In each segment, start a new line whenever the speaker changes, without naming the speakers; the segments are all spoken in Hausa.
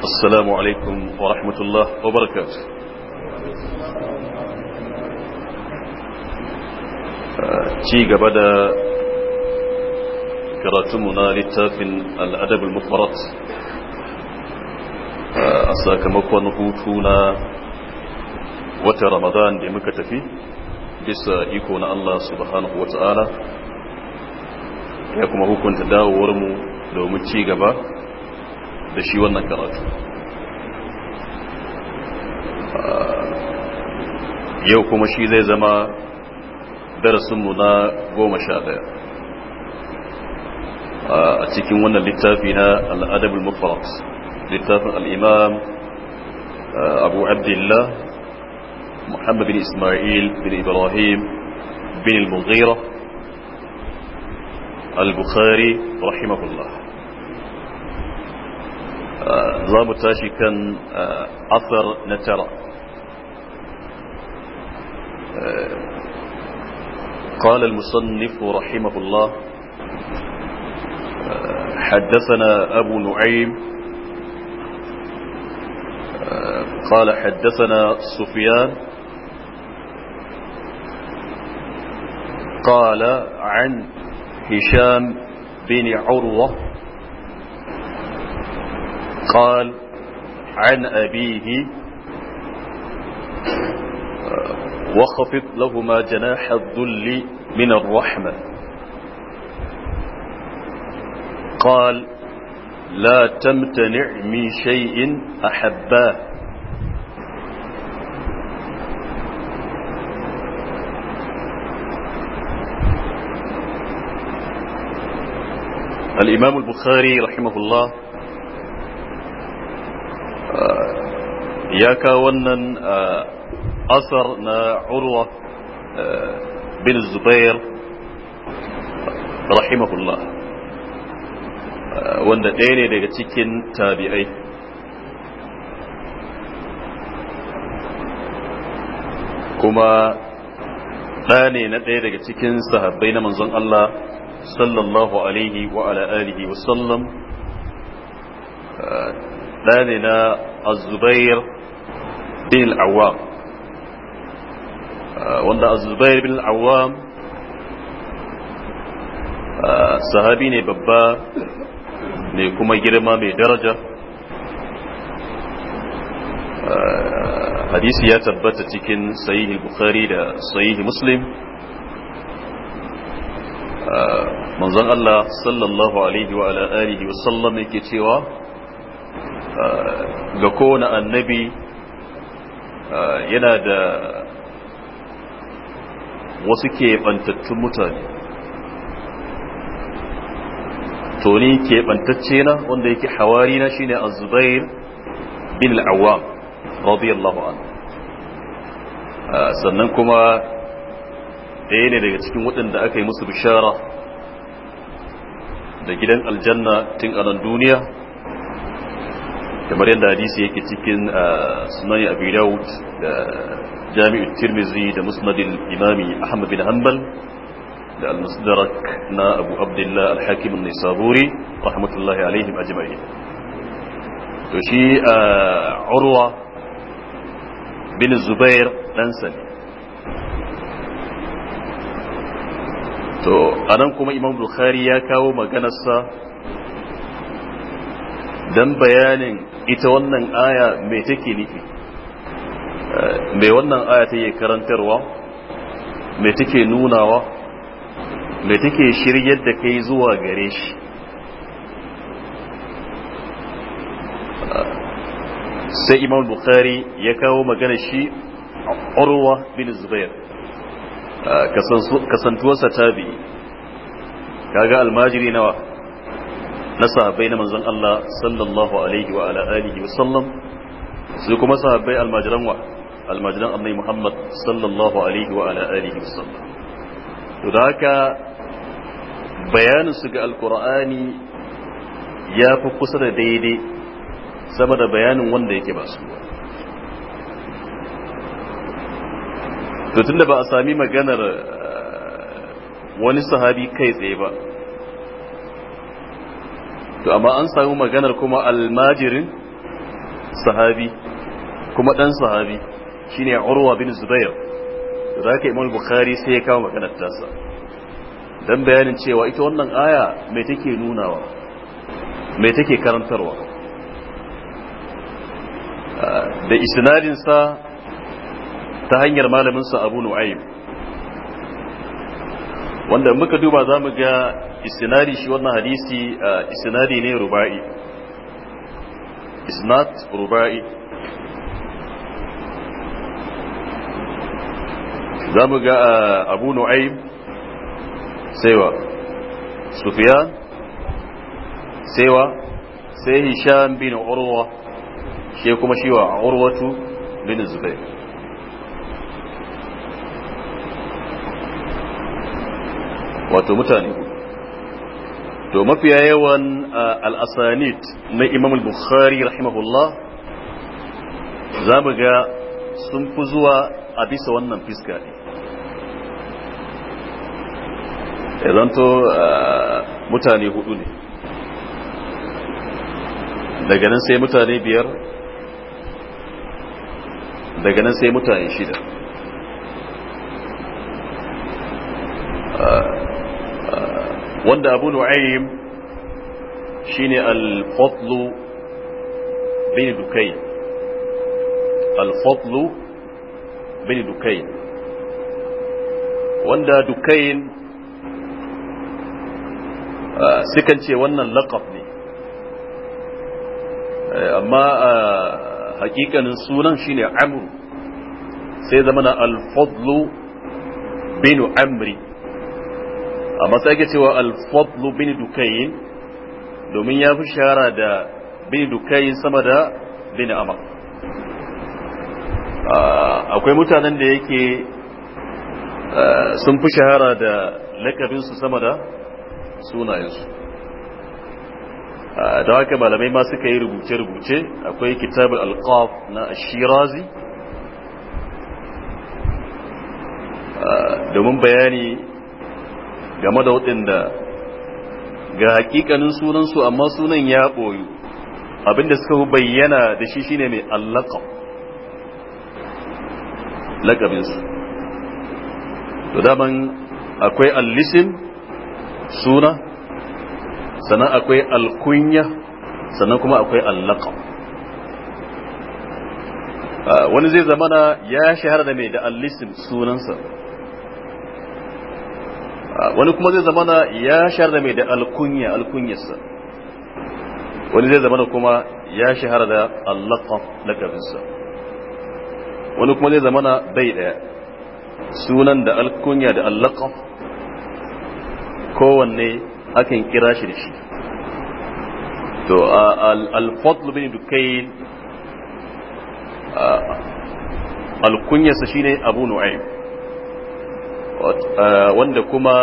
السلام عليكم ورحمة الله وبركاته ci gaba da karatunmu na littafin al'adabul mutmarat uh, a sakamakon hutu na ramadan da muka tafi bisa iko na Allah subhanahu wa ta'ala ya kuma hukunta dawowarmu domin ci gaba da shi wannan karatu yau kuma shi zai zama darasinmu na goma sha daya a cikin wannan littafi na al'adabul mufarat littafin al'imam abu abdullah muhammad bin ismail bin ibrahim bin al-mughira al-bukhari rahimahullah za mu tashi kan asar na tara قال المصنف رحمه الله آه، حدثنا أبو نعيم آه، قال حدثنا سفيان قال عن هشام بن عروة قال عن أبيه وخفض لهما جناح الذل من الرحمة قال لا تمتنع من شيء أحباه الإمام البخاري رحمه الله ya kawo wannan asar na urwa bin zubair rahimahullah wanda ɗaya ne daga cikin tabi'ai kuma ɗa ne na ɗaya daga cikin sahabbai na manzon Allah sallallahu alaihi wa ala alihi wa sallam ɗa ne na azubair bin al'awam wanda azubair bin al'awam sahabi ne babba ne kuma girma mai daraja hadisi ya tabbata cikin sahihi bukhari da sahihi muslim manzon Allah sallallahu alaihi wa ala alihi wa sallam yake cewa ga kowane annabi yana da wasu keɓantattun mutane toni ke keɓantacce na wanda yake hawari na shine azubair bin al'awam radiyallahu an sannan kuma ɗaya ne daga cikin waɗanda aka yi musu bishara da gidan aljanna tun anan duniya kamar yadda hadisi yake cikin uh, sunan abi daud da jami'u tirmizi da musnadil imami ahmad bin hanbal da al-musdarak na abu abdullah al-hakim an-nisaburi rahmatullahi alaihim to shi uh, urwa bin zubair dan to anan kuma imam bukhari ya kawo maganarsa dan bayanin ita wannan aya mai take nufi mai wannan aya take karantarwa mai take nunawa mai take shiryar da kai zuwa gare shi sai imam bukhari ya kawo magana shi urwa bin zubair kasantuwarsa tabi kaga almajiri nawa na sahabbai na manzon Allah sallallahu alaihi wa ala alihi wa sallam sai kuma sahabbai almajiran wa almajiran annabi Muhammad sallallahu alaihi wa ala alihi wa sallam to da haka bayanin su ga alqur'ani ya fi kusa da daidai sama da bayanin wanda yake ba su to tunda ba a sami maganar eh, wani sahabi kai tsaye ba to amma an samu maganar kuma almajirin sahabi kuma dan sahabi shine urwa bin zubair da zaka imam bukhari sai ya kawo maganar tasa dan bayanin cewa ita wannan aya mai take nunawa mai take karantarwa ah, da isnadin sa ta hanyar malamin sa abu nu'aym wanda muka duba za mu ga istinari shi wannan hadisi istinari ne ruba'i isnat ruba'i za mu ga abu nu'aim saiwa sufiyan saiwa sai hisham bin urwa shi kuma shi wa urwatu bin zubair wato mutane to mafiya yawan al-asanid na imam al-bukhari rahimahullah za mu ga sun fi zuwa a bisa wannan fiska ne zanto mutane hudu ne daga nan sai mutane biyar daga nan sai mutane shida wanda abu nu'aym shine al-fadl bin dukayn al-fadl bin wanda dukai ah, sukan ce wannan laqab ne eh, amma ah, hakikanin sunan shine amru sai zamana na al-fadl bin amri a sai ke cewa alfadlu bin dukayin domin ya fi shahara da bin dukayin sama da bin amar ah, akwai mutanen da yake ah, sun fi shahara da lakabinsu sama da sunayensu ah, da haka malamai ma suka yi rubuce-rubuce akwai al alkaf na ashirazi domin bayani game da waɗanda ga hakikanin sunansu amma sunan ya ɓoyu abinda suka bayyana da shi shine mai allaka lakabinsu to daman akwai allisin suna sannan akwai alkunya sannan kuma akwai allaka ah, wani zai zamana ya shahara da mai da allisin sunansa wani kuma zai zamana ya shahara da mai da alkunya alkunyarsa wani zai zamana kuma ya shahara da allaqab lakabinsa wani kuma zai zamana bai daya sunan da alkunya da allaqab kowanne akan kira shi da shi to al bin dukai alkunyarsa shine abu nu'aim wanda kuma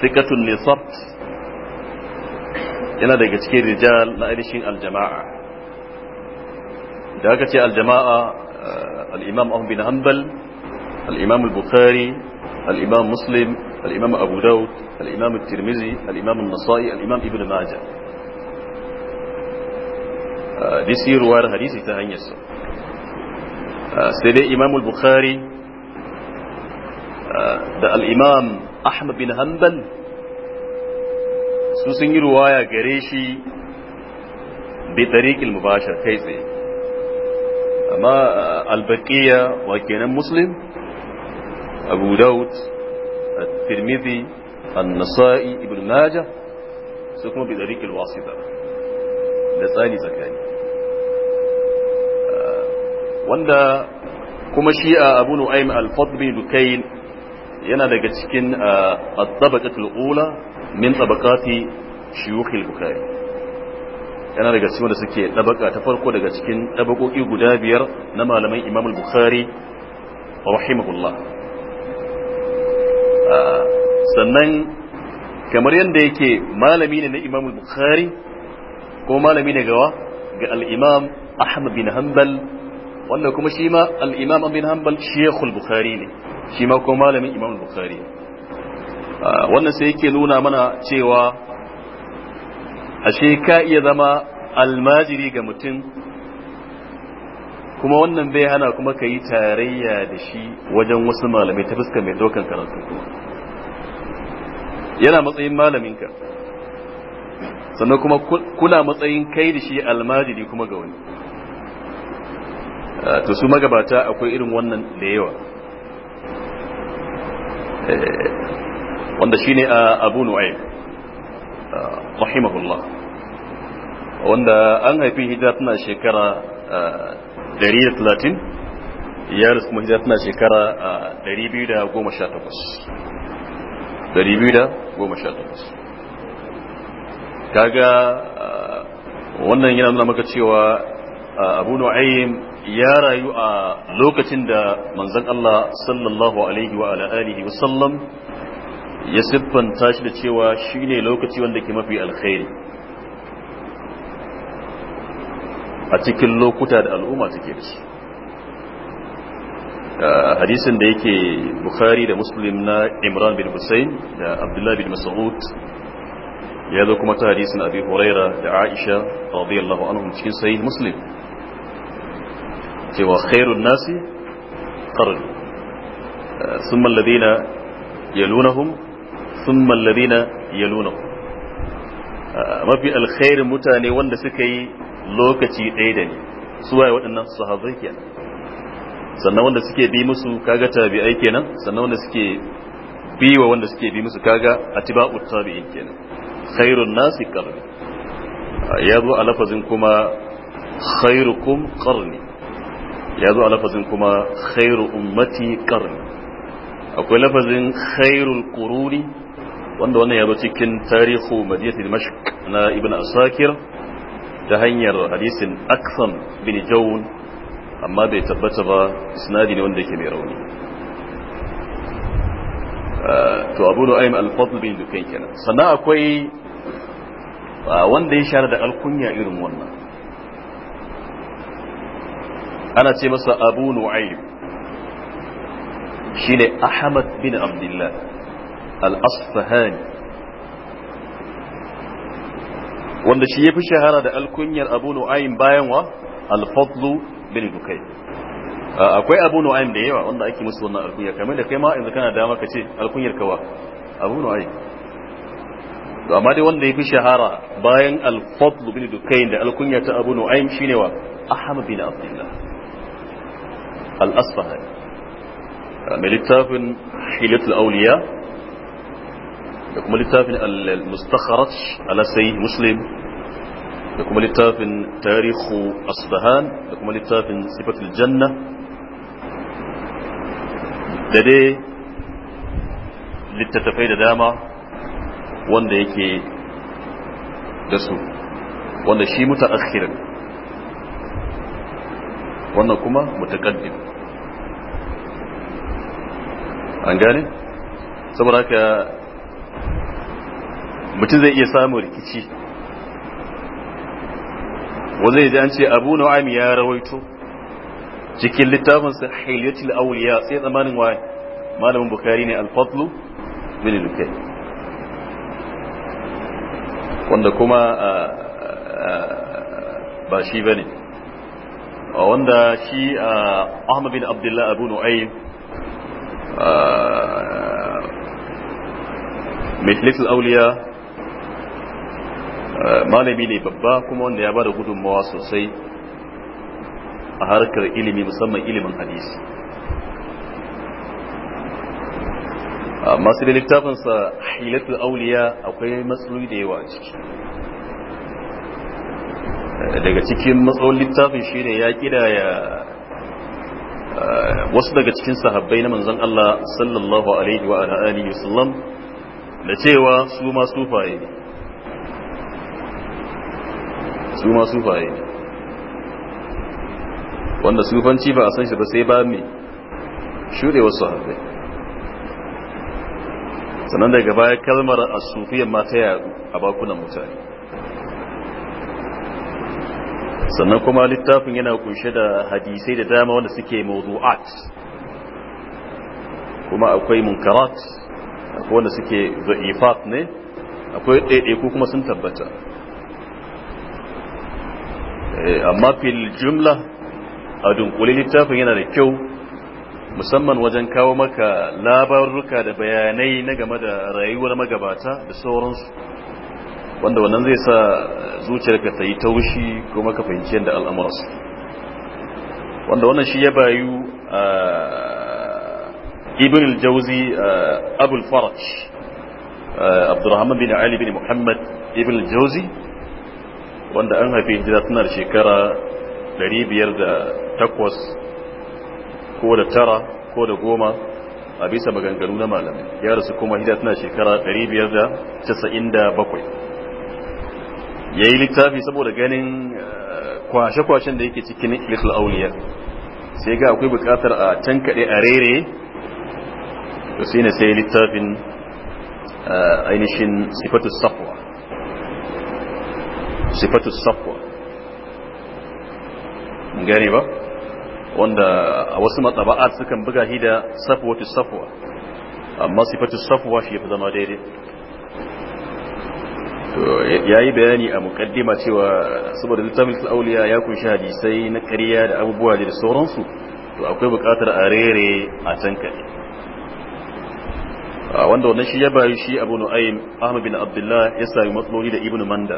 sikatun nisabt yana daga cikin rijal na ainihin aljama'a da aka ce aljama'a al'imam ahun bin hanbal al'imam al-bukhari al'imam muslim al'imam abu daud al'imam tirmizi al'imam nasa'i al'imam ibn majah disiruwar hadisi ta hanyarsa sai dai imam al-bukhari da imam ahmad bin hanbal su sun yi ruwaya gare shi bi tariqil mubashir kai tsaye amma al-baqiya wa kenan muslim abu daud at-tirmidhi an-nasa'i ibn majah su kuma bi tariqil wasita da tsani tsakani wanda kuma shi'a a abu nu'aym al-fadl bin dukayn yana daga cikin uh, at-tabaqatul ula min tabaqati shuyukhil bukhari yana daga cikin da suke tabaka ta farko daga cikin tabakoki guda biyar na malaman Imam al-Bukhari rahimahullah uh, sannan kamar yanda yake malami ne na Imam al-Bukhari ko malami ne gawa ga al-Imam Ahmad bin Hanbal wannan kuma shi ma al-Imam bin Hanbal shaykhul Bukhari ne shi ma ko malamin imam bukhari ah, wannan sai yake nuna mana cewa ashe ka iya zama almajiri ga mutum kuma wannan bai hana kuma ka yi tarayya da shi wajen wasu malamai ta fuska mai dokan karatu yana matsayin malaminka sannan kuma kuna matsayin kai da shi almajiri kuma ga wani ah, to su magabata akwai irin wannan da yawa Eh, wanda shi ne ah, abu nu'aym ah, rahimahullah wanda an haifi hijira tana shekara 130 ah, ya rasu kuma hijira tana shekara 218 218 kaga wannan yana nuna maka cewa abu nu'aym ya rayu a lokacin da manzon Allah sallallahu alaihi wa ala alihi wa sallam ya siffanta shi da cewa shine lokaci wanda ke mafi alkhairi a cikin lokuta da al'umma take da shi hadisin da yake bukhari da muslim na imran bin hussein da abdullahi bin mas'ud ya zo kuma ta hadisin abi huraira da aisha radiyallahu anhum cikin sahih muslim cewa khairun nasi qarni thumma alladhina yalunahum thumma alladhina yalunahum mafi alkhairin mutane wanda suka yi lokaci ɗaya da ni su waye waɗannan sahabbai kenan sannan wanda suke bi musu kaga tabi'ai kenan sannan wanda suke bi wa wanda suke bi musu kaga a atiba'u tabi'in kenan khairun nasi qarni ya zo a lafazin kuma khairukum karni. ya zo a lafazin kuma khairu ummati qarni akwai lafazin khairul kururi wanda wannan ya zo cikin tarihu madinati dimashq na ibn asakir ta hanyar hadisin aktham bin jawun amma bai tabbata ba sinadi ne wanda yake mai rauni to abu nu'aym al-fadl bin dukayn kenan sannan akwai ah, wanda ya share da alkunya irin wannan ana ce masa abu nu'aym shine ahmad bin abdullah al-asfahani wanda shi ya fi shahara da alkunyar abu nu'aym bayan wa al-fadlu bin dukai akwai abu nu'aym da yawa wanda ake musu wannan alkunya kamar da kai ma yanzu kana dama ka ce alkunyar kawa abu nu'aym to amma dai wanda ya fi shahara bayan al-fadlu bin dukai da alkunya ta abu nu'aym shine wa ahmad bin abdullah الأصفهان من التافن حيلة الأولياء يكمل التافن المستخرج على سيه مسلم يكمل التافن تاريخ أصفهان يكمل التافن صفة الجنة لدي للتتفيد داما وانده يكي دسو وانده شي متأخرًا wannan kuma mutakaddim an gane saboda haka mutum zai iya samun rikici wanda ya ji an ce abu na'am ya rawaito cikin littafinsa hiliyatul awliya sai tsamanin waye malamin bukari ne al-fadlu bin lukai wanda kuma ah, ah, ah, ba shi bane wanda shi ah, Ahmad bin Abdullah Abu Nu'aym ah, Majlis al ah, malami ne babba kuma wanda ya bada gudunmawa sosai a harkar ilimi musamman ilimin hadisi masu da littafinsa hilatul auliya akwai matsaloli da yawa a ciki daga cikin matsawar littafin shi ne ya ya eh, wasu daga cikin sahabbai na manzan Allah sallallahu alaihi wa alihi wasallam da cewa su ma faye ne su ma faye ne wanda sufanci ba a san shi ba sai ba mai wasu sahabbai sannan daga baya kalmar a sufiyan mata ta a bakunan mutane sannan kuma littafin yana kunshe da hadisai da dama wanda suke mawdu'at kuma akwai munkarat akwai wanda suke za'ifat ne akwai ɗaiɗaiku kuma sun tabbata eh, amma fil jumla a dunkule littafin yana da kyau musamman wajen kawo maka labaruka da bayanai na game da rayuwar magabata da sauransu wanda wannan zai sa zuciyarka ta yi taushi kuma ka fahimci yadda al'amuransu wanda wannan shi ya bayu ibn al-jawzi abul faraj abdurrahman bin ali bin muhammad ibn al-jawzi wanda an haifi hijira tana da shekara 508 ko da tara ko da goma a bisa maganganu na malamai ya rasu kuma hijira tana shekara 597 ya yi littafi saboda ganin eh, kwashe-kwashen da yake cikin little auliyar sai ga akwai bukatar a can kaɗe a rere da sai na sai littafin eh, ainihin sifatus safwa sifatus safwa gani ba wanda a wasu matsaba'ar sukan buga shi da safwatus safwa amma sifatus safwa shi ya fi zama daidai ya yi bayani a mukaddima cewa saboda littafin auliya ya kunshi hadisai na ƙarya da abubuwa da sauransu to akwai buƙatar a rere a can kare wanda wannan shi ya bayu shi abu nu'aym ahmad bin abdullah ya sami matsaloli da ibnu manda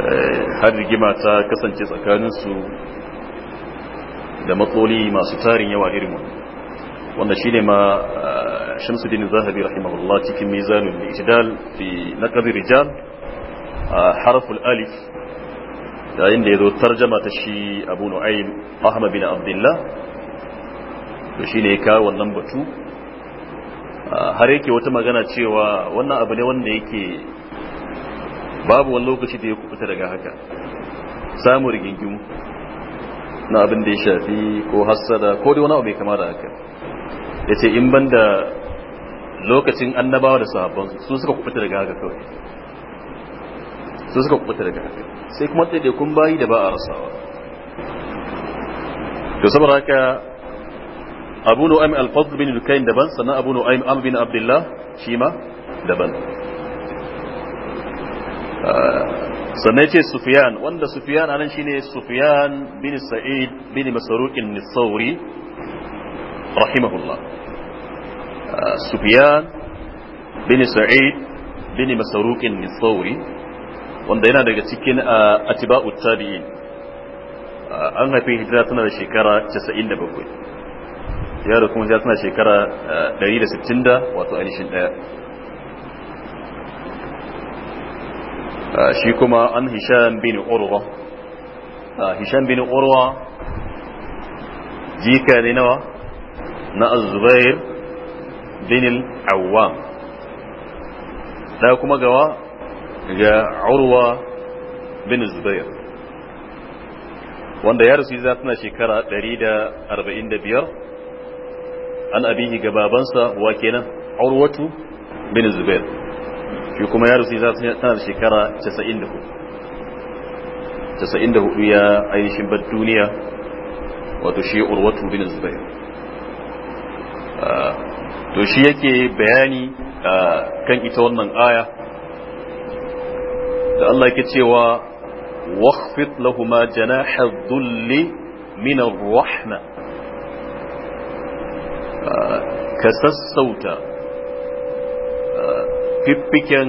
eh, har rigima ta kasance tsakaninsu da matsaloli masu tarin yawa irin wanda shine ma eh, Shamsuddin Zahabi rahimahullah cikin da itidal fi naqd rijal eh, harful alif yayin da zo tarjama ta shi Abu Nu'aym Ahmad bin Abdullah to ne ka wannan batu eh, har yake wata magana cewa wannan abu ne wanda yake babu wani lokaci da ya kubuta daga haka samun rigingimu na abin da ya shafi ko hassada ko da wani abu mai kama da haka ya ce in ban da lokacin annabawa da sahabban su suka kubuta daga haka kawai su suka kubuta daga haka sai kuma kun bayi da ba a rasawa to saboda haka abu nu'aym al-fadl bin dukayn daban sannan abu nu'aym amr bin abdullah shi ma daban ah, sannan ce sufiyan wanda sufiyan anan shine sufiyan bin sa'id bin masarukin nisauri رحمه الله سفيان بن سعيد بن مسروق الثوري wanda yana daga cikin atiba'u tabi'in an haifi hijira tana da shekara 97 yaro kuma hijira tana shekara 160 wato ainihin daya shi kuma an hisham bin urwa hisham bin urwa jika ne nawa na az-zubair bin al-awwam da kuma gawa ga urwa bin zubair wanda ya rasu za tana shekara 145 an abihi ga babansa wa kenan urwatu bin zubair shi kuma ya rasu za tana shekara 94 94 ya ainihin bar duniya wato shi urwatu bin zubair to shi yake bayani kan ita wannan aya da Allah yake cewa waqfit lahuma janaha dhulli min ar ka sassauta fiffiken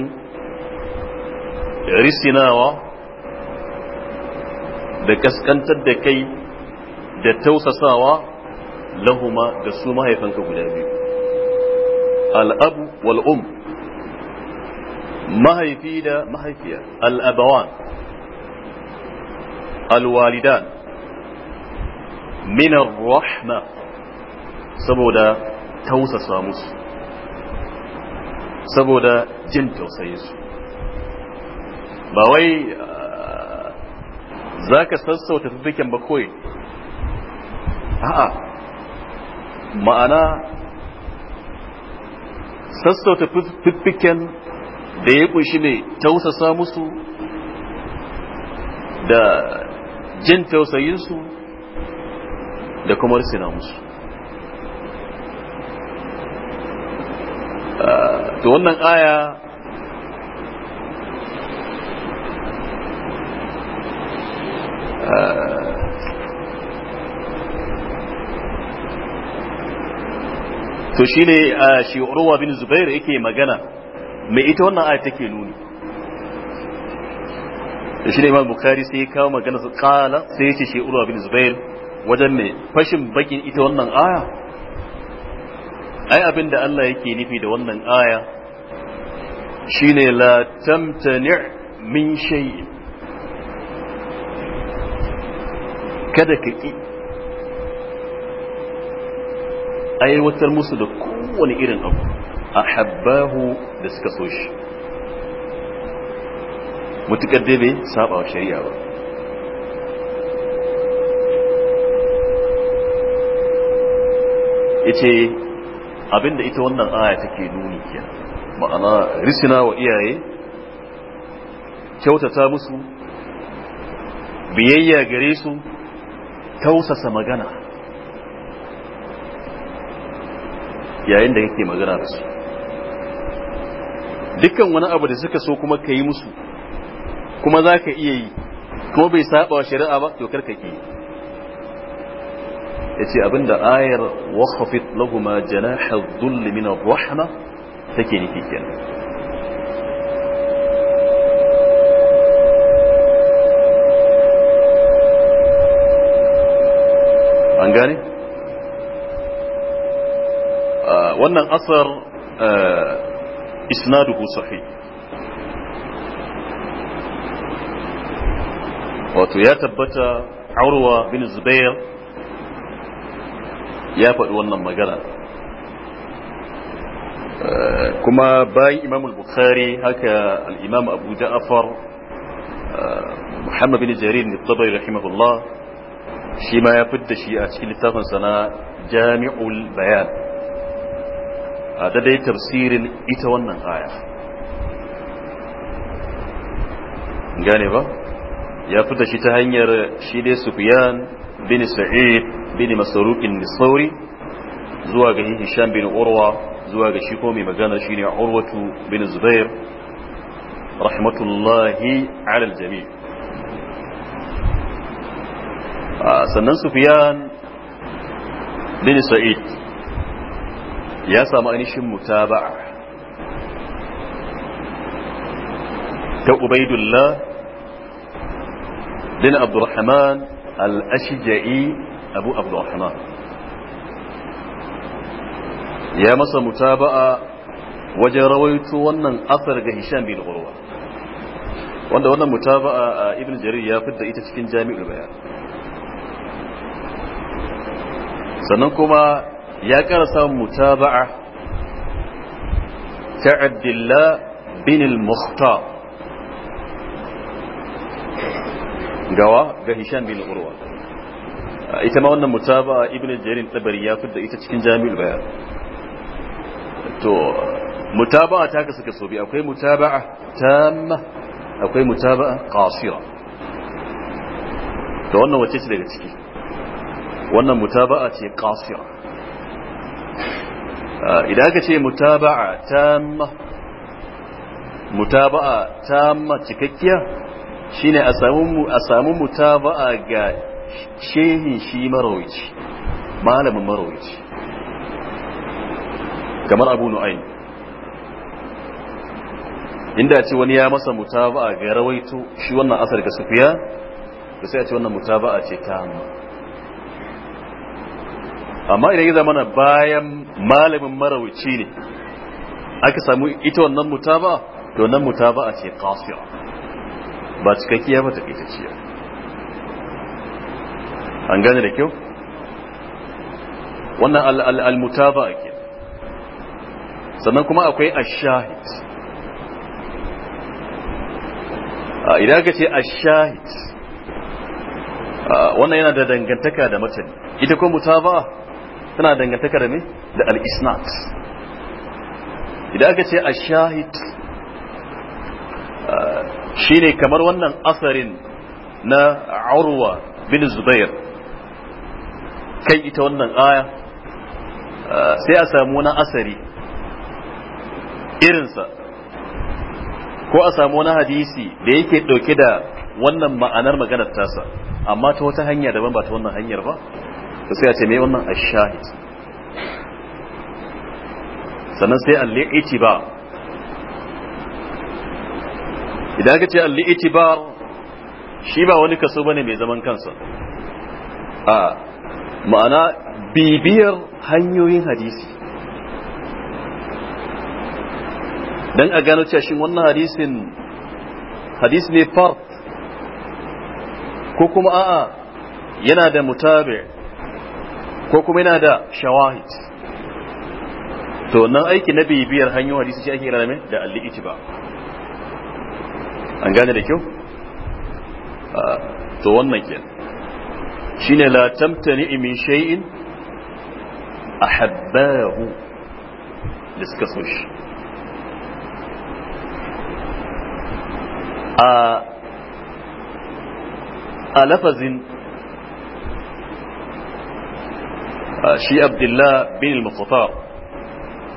risinawa da kaskantar da kai da tausasawa lahuma da su mahaifanka guda biyu al'abu wal'um mahaifi da mahaifiya al'abawan alwalidan minar rahma saboda tausasa musu saboda jin tausayinsu ba wai ah, za ka sassauta tattakin ba kawai a'a ma'ana sassauta fiffiken da ya kunshi ne tausasa musu da jin tausayinsu da kuma risina musu ah, to wannan aya to shi a shi urwa bin zubair yake magana mai ita wannan aya take nuni da ne imam bukhari sai ya kawo magana su kala sai ya ce shi urwa bin zubair wajen mai fashin bakin ita wannan aya ai abin da Allah yake nufi da wannan aya Shi ne la tamtani min shay'in kada ka ki aiwatar musu da kowane irin abu a habbahu da suka so shi mutukar dai bai saba wa shari'a ba ya ce abinda ita wannan aya take nuni kiya ma'ana risina wa iyaye kyautata musu biyayya gare su tausasa magana yayin da kake magana da su dukkan wani abu da suka so kuma ka yi musu kuma za ka iya yi kuma bai saba wa shari'a ba to karka ke ya ce abinda ayar wakafit laguma janahar zulli min rahama take nufi kenan an gane? wannan asar isnaduhu sahih wato ya tabbata urwa bin zubair ya faɗi wannan magana kuma bayan imam al-bukhari haka al-imam abu ja'far muhammad bin jarir ne tabari rahimahullah shi ma ya fidda shi a cikin littafin sana jami'ul bayan da dai tafsirin ita wannan aya gane ba ya fita shi ta hanyar shi dai sufyan bin sa'id bin masarukin nisauri zuwa ga hisham bin urwa zuwa ga shi ko mai magana shi ne urwatu bin zubair rahmatullahi ala jami sannan sufyan bin sa'id ya samu ainihin mutaba'a ta ubaidullah bin abdurrahman al-ashja'i abu abdurrahman ya masa mutaba'a wajen rawaito wannan asar ga hisham bin urwa wanda wannan mutaba'a a ibn jarir ya fidda ita cikin jami'ul bayan sannan kuma ya ƙara samun mutaba'a ta abdullah bin al-mukhtar gawa ga hisham bin urwa ita ma wannan mutaba'a ibnu jarir tabari ya fitta ita cikin jami'ul bayan to mutaba'a ta kasu kaso bi akwai mutaba'a tamma akwai mutaba'a qasira to wannan wace ce daga ciki wannan mutaba'a ce qasira idan aka ce mutaba'a tamma mutaba'a tamma cikakkiya shine a samu a samu mutaba'a ga shehin shi marawici malamin marawici kamar Abu Nu'aym inda ce wani ya masa mutaba'a ga rawaito shi wannan asar ga Sufiya sai a ce wannan mutaba'a ce tamma amma idan ya zamana bayan malamin marawici ne aka samu ita wannan mutaba to nan mutaba a ce qasira ba cikakkiya ba ta kaitacciya an gane da kyau wannan al-mutaba ake sannan kuma akwai ash-shahid idan aka ce ash-shahid wannan yana da dangantaka da mutane ita kuma mutaba tana dangantaka da me da al-isnad idan aka ce ash-shahid ah, shine kamar wannan asarin na urwa bin zubair kai ita wannan aya ah, sai a samu wani asari irinsa ko a samu wani hadisi da yake dauke da wannan ma'anar maganar tasa amma ta wata hanya daban ba ta wannan hanyar ba to sai a ce mai wannan sannan sai al ba idan ka ce al-li'tibar shi ba wani kaso ne mai zaman kansa a ma'ana bibiyar hanyoyin hadisi don a gano cewa shin wannan hadisin hadisi ne fard ko kuma a'a yana da mutabe. ko kuma yana da shawahid to nan aiki na bibiyar hanyoyin hadisi shi ake kira da alli'iti ba an gane da kyau ah, to wannan ke ne la tamtani min shay'in ahabbahu da suka so a ah, a lafazin shi abdullah bin al-mukhtar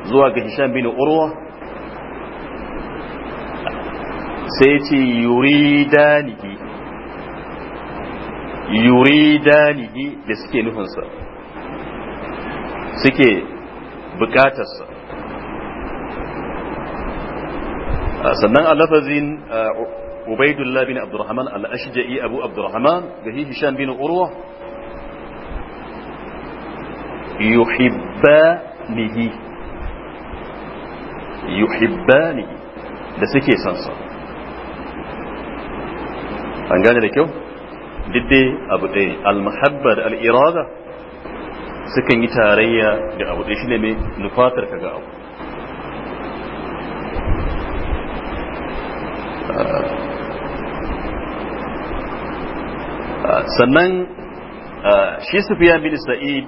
zuwa ga hisham bin urwa sai ya yuridanihi yuridanihi da suke nufinsa suke bukatarsa sannan a lafazin ubaidullah bin abdurrahman al-ashja'i abu abdurrahman da hisham bin urwa yuhibbanihi yuhibbanihi da suke sansa. an gane da kyau diddai abu ɗaya muhabba da al'irada sukan yi tarayya da abu ɗaya shi ne nufatar ka ga abu ah. Ah, sannan ah, shi sufiya bin sa'id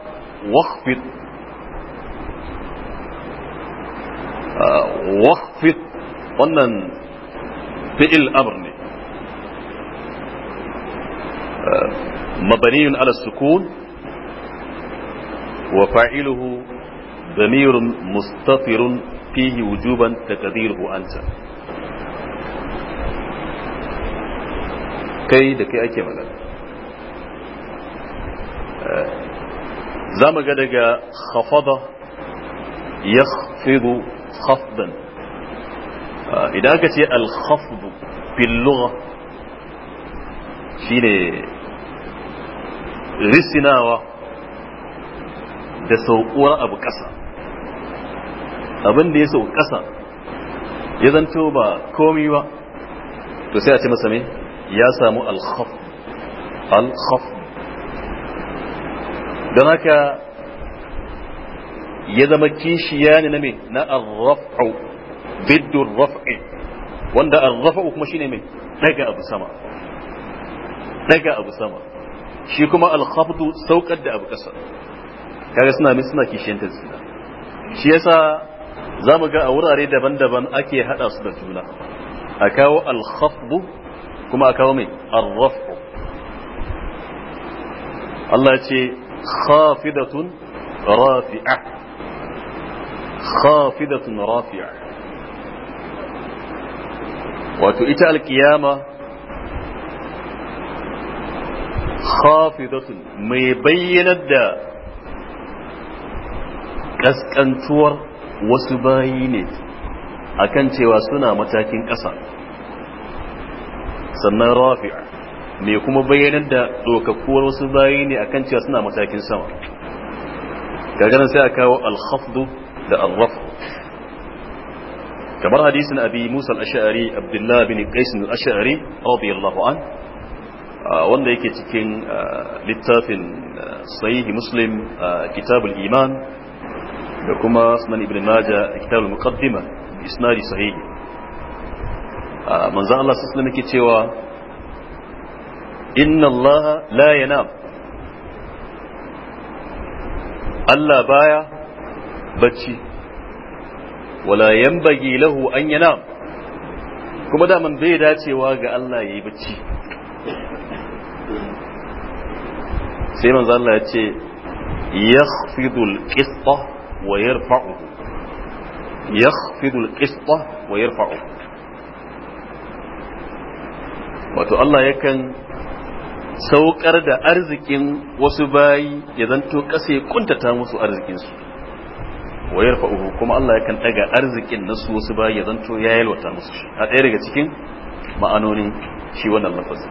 واخفض آه، واخفض قلنا في الامر آه، مبني على السكون وفاعله ضمير مستطر فيه وجوبا تقديره أنت كي دكي أكي za mu ga daga khafada ya fido khafdan ah, idan aka ce alkhafdu filluwa shi ne risinawa da sauƙuwar abu ƙasa abin da ya sau ƙasa ya zanto ba komi ba to sai a ce masa ne ya samu alkhaf alkhaf don haka ya zama ya ne na me na arraf'u biddun raf'i wanda arraf'u kuma shine me daga abu sama daga abu sama shi kuma alkhafdu saukar da abu kasa kaga suna min suna kishiyan ta zina shi yasa mu ga a wurare daban-daban ake hada su da juna a kawo alkhafdu kuma a kawo mai arraf'u Allah ce خافضة رافعة خافضة رافعة وتؤتى القيامة خافضة ميبين الداء كسك أنتور وسباينت أكنت واسنا متاكين أسا سنة رافعة mai kuma bayyanar da ɗaukakuwar wasu bayi ne akan cewa suna matakin sama gagarin sai a kawo alhafdu da alraf kamar hadisin abi musa al abdullahi bin qais al radiyallahu an wanda yake cikin littafin sahihi muslim kitab iman da kuma sunan ibn majah kitab al-muqaddima isnadi sahihi manzo Allah sallallahu alaihi wasallam yake cewa inna Allah la Allah baya bacci wala yanbaghi lahu an yanam kuma daman bai dacewa ga Allah yayi bacci sai manzo Allah ya ce yakhfidul qista wa yarfa'uhu yakhfidul qista wa yarfa'uhu wato Allah yakan saukar da arzikin wasu bayi ya zanto kasa ya kuntata musu arzikinsu Wayar yarfa kuma Allah ya kan daga arzikin na su wasu bayi ya zanto ya yalwata musu shi a ɗaya daga cikin ma'anonin shi wannan lafazi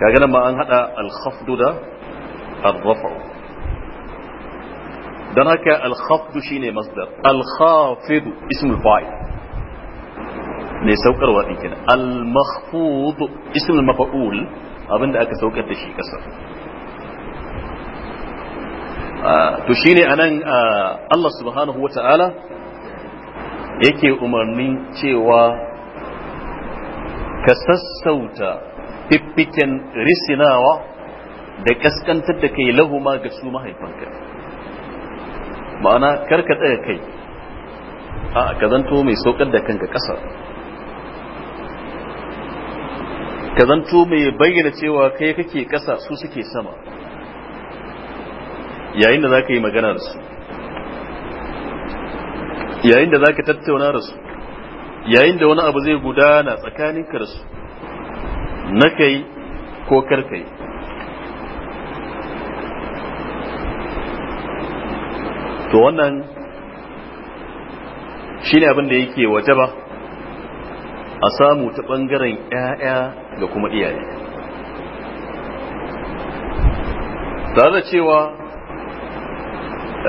kaga nan ma an haɗa al da ar-rafa'u dan haka al shi ne masdar al-khafidu ismul fa'il ne saukarwa din kenan al-makhfud ismul maf'ul abin da aka saukar da shi kasa to shine anan Allah subhanahu wa yake umarnin cewa ka sassauta fiffiken risinawa da kaskantar da kai lahuma ga su mahaifanka ma'ana karka tsaya kai a ka zanto mai saukar da kanka ƙasar. ka zanto mai bayyana cewa kai kake kasa su suke sama yayin da za ka yi magana da su yayin da za ka tattauna da su yayin da wani abu zai gudana tsakanin ka da su na kai ko karkai to wannan shi ne abin da yake wajaba ba a samu ta ɓangaren 'ya'ya da kuma iyaye tare cewa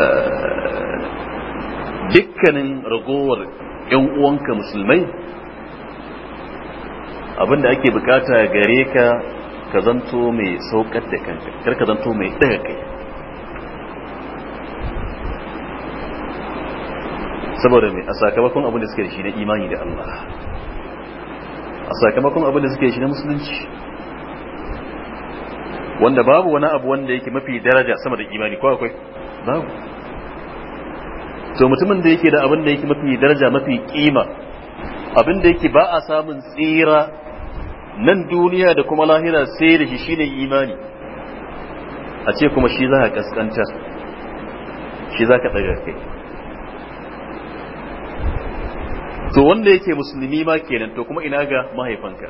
eh, dukkanin ragowar 'yan uwanka musulmai abinda ake bukata gare ka ka zanto mai saukar da kanka kar ka zanto mai daga kai saboda mai a sakamakon abin da suke da shi na imani da Allah a sakamakon abin da suke shi na musulunci wanda babu wani abu wanda yake mafi daraja sama da imani ko akwai babu to mutumin da yake da abin da yake mafi daraja mafi kima abin da yake ba a samun tsira nan duniya da kuma lahira sai da shi shine imani a ce kuma shi za ka kaskanta shi za ka ɗaga kai to wanda yake musulmi ma kenan to kuma ina ga mahaifanka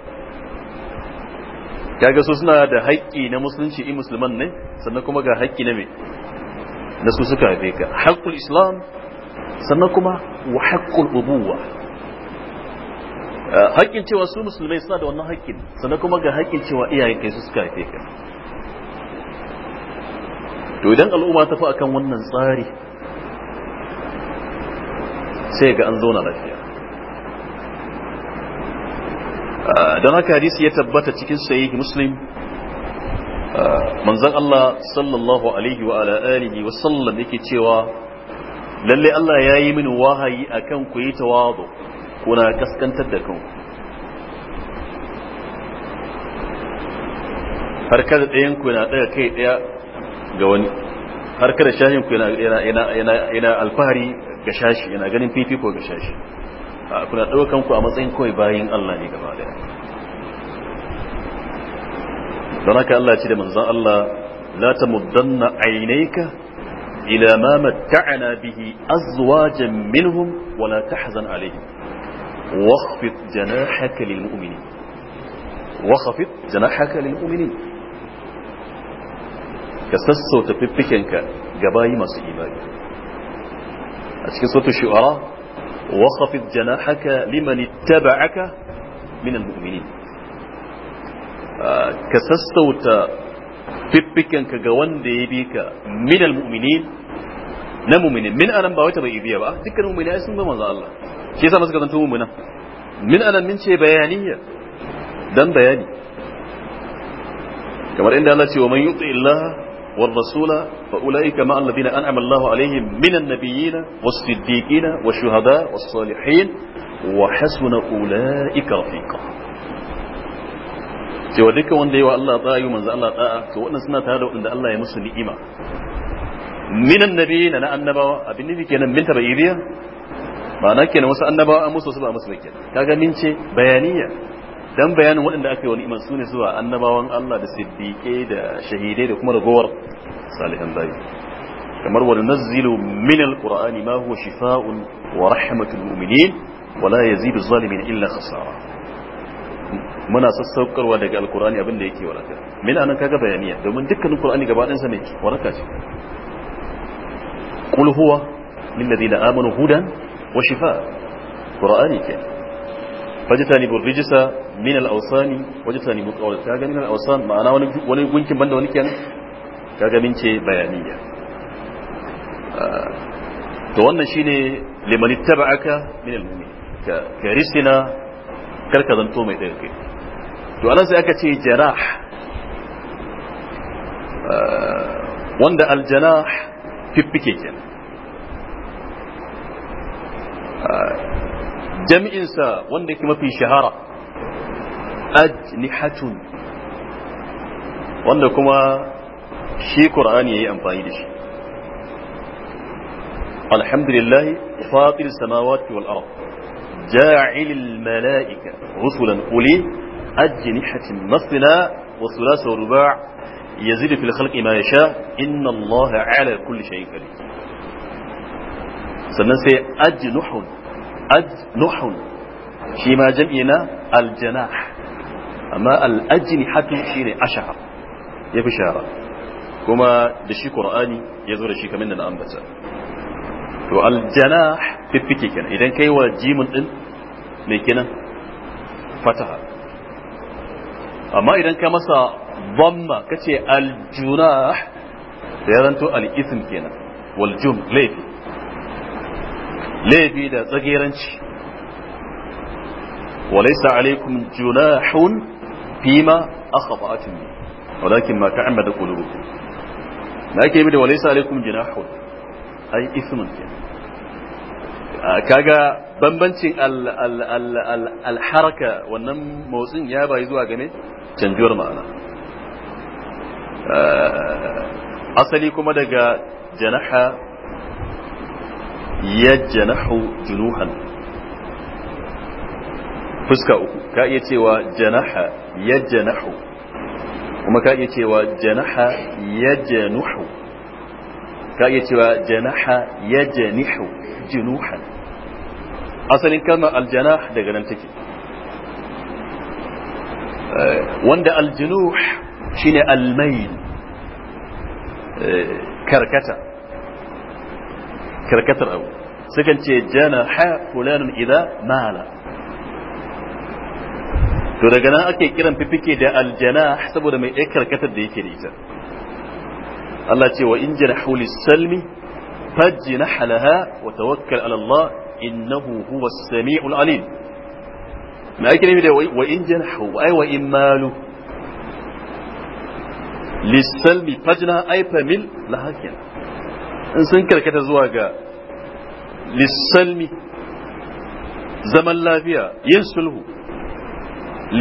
kaga su suna da haƙƙi na musulunci in musulman ne sannan kuma ga haƙƙi na me na su suka haife ka haƙƙul islam sannan kuma wa haƙƙul ubuwa ah, haƙƙin cewa su musulmai suna da wannan haƙƙin sannan kuma ga haƙƙin cewa iyayen kai su suka haife ka to idan al'umma ta fi akan wannan tsari sai ga an zauna lafiya Ah, don haka hadisi ya tabbata cikin sayi muslim ah, manzan Allah sallallahu alaihi wa ala wa sallallahu yake cewa lalle Allah ya yi mini wahayi a kan ku yi tawadu kuna kaskantar da kanku har kada ɗayan ku yana ɗaga kai ɗaya ga wani har kada shahin ku yana alfahari ga shashi yana ganin fifiko ga shashi kuna ɗaukan ku a matsayin kawai bayin Allah ne gaba da don haka Allah ce da manzon Allah la tamuddanna aynayka ila ma matta'ana bihi azwajan minhum wa la tahzan alaihim واخفض جناحك للمؤمنين واخفض جناحك للمؤمنين كسسو تففكنك جباي masu imani. a cikin sautu shi'ara وخفض جناحك لمن اتبعك من المؤمنين آه، كسستوت فبك انك قوان من المؤمنين نمؤمن من انا مباوتا بيبيا بقى تلك المؤمنين اسم بمزا الله كيسا مسكا تنتو مؤمنا من انا من شيء بيانية دم بياني كما ان الله سوى من الله والرسول فأولئك مع الذين أنعم الله عليهم من النبيين والصديقين والشهداء والصالحين وحسن أولئك رفيقا cewa duka wanda yi wa Allah ta yi manzo Allah ta'a to wannan suna tare da wanda Allah ya musu ni'ima minan nabiyina na annabawa abin nufi kenan min tabairiya ma'ana kenan wasu annabawa an musu su ba musu kenan kaga min ce bayaniya dan bayanin waɗanda aka yi wa ni'imar su ne zuwa annabawan Allah da siddiƙe da shahidai da kuma ragowar salihan bayi kamar wa nazzilu min alqur'ani ma huwa shifaa'un wa rahmatul mu'minin wa la yazidu zalimin illa khasara muna sassaukarwa daga alqur'ani abin da yake waraka min anan kaga bayaniya domin dukkanin qur'ani gaba ɗayan sa ne waraka ce qul huwa lil ladina amanu hudan wa shifaa qur'ani kenan fajitani bu rijisa min al-awsani wajitani bu qawl kaga min al-awsan ma'ana wani wani gunkin banda wani kenan ka min ce bayaniya ah, to wannan shine liman ittaba'aka min al-mu'min ka ka risina karka zanto mai daga kai to anan sai aka ce jarah ah, wanda al-janah fiffike kenan جمعنسا وانك ما في شهارة أجنحة وانكما شي قرآن يأي أنفايدش الحمد لله فاطر السماوات والأرض جاعل الملائكة رسلا أولي أجنحة مثلا وثلاث ورباع يزيد في الخلق ما يشاء إن الله على كل شيء كريم سنسي أجنحون ajnuhun shi ma jam'i na aljanah amma al'ajnihatu shine ashahar ya fi shara kuma da shi qur'ani ya zo da shi kamar na ambata to aljanah fiffike kenan idan kai wa jimin din mai kenan fataha amma idan ka masa dhamma kace aljunah ya zanto al-ism kenan wal jum laifi da tsageranci walaisa alaikum junahun fima akhta'atum walakin ma ta'ammada qulubukum na ke yi da walaisa alaikum junahun ai ismun kaga bambancin alharaka wannan motsin ya bai zuwa game canjuwar ma'ana eh, asali kuma daga janaha yajnahu junuhan fuska uku ka iya cewa janaha yajnahu kuma ka iya cewa janaha yajnuhu ka iya cewa janaha yajnihu junuhan asalin kalmar aljanah daga nan take wanda aljunuh shine almail karkata karkatar abu sukan ce janaha fulanin idza mala to daga nan ake kiran fifike da aljanah saboda mai ɗaya karkatar da yake da ita Allah ce wa in janahu lis-salmi fajnah laha wa tawakkal ala Allah innahu huwa as-sami'ul alim ma ake nufi da wa in janahu ai wa in lis-salmi fajnah ay famil laha in sun karkata zuwa ga lissalmi zaman lafiya yin sulhu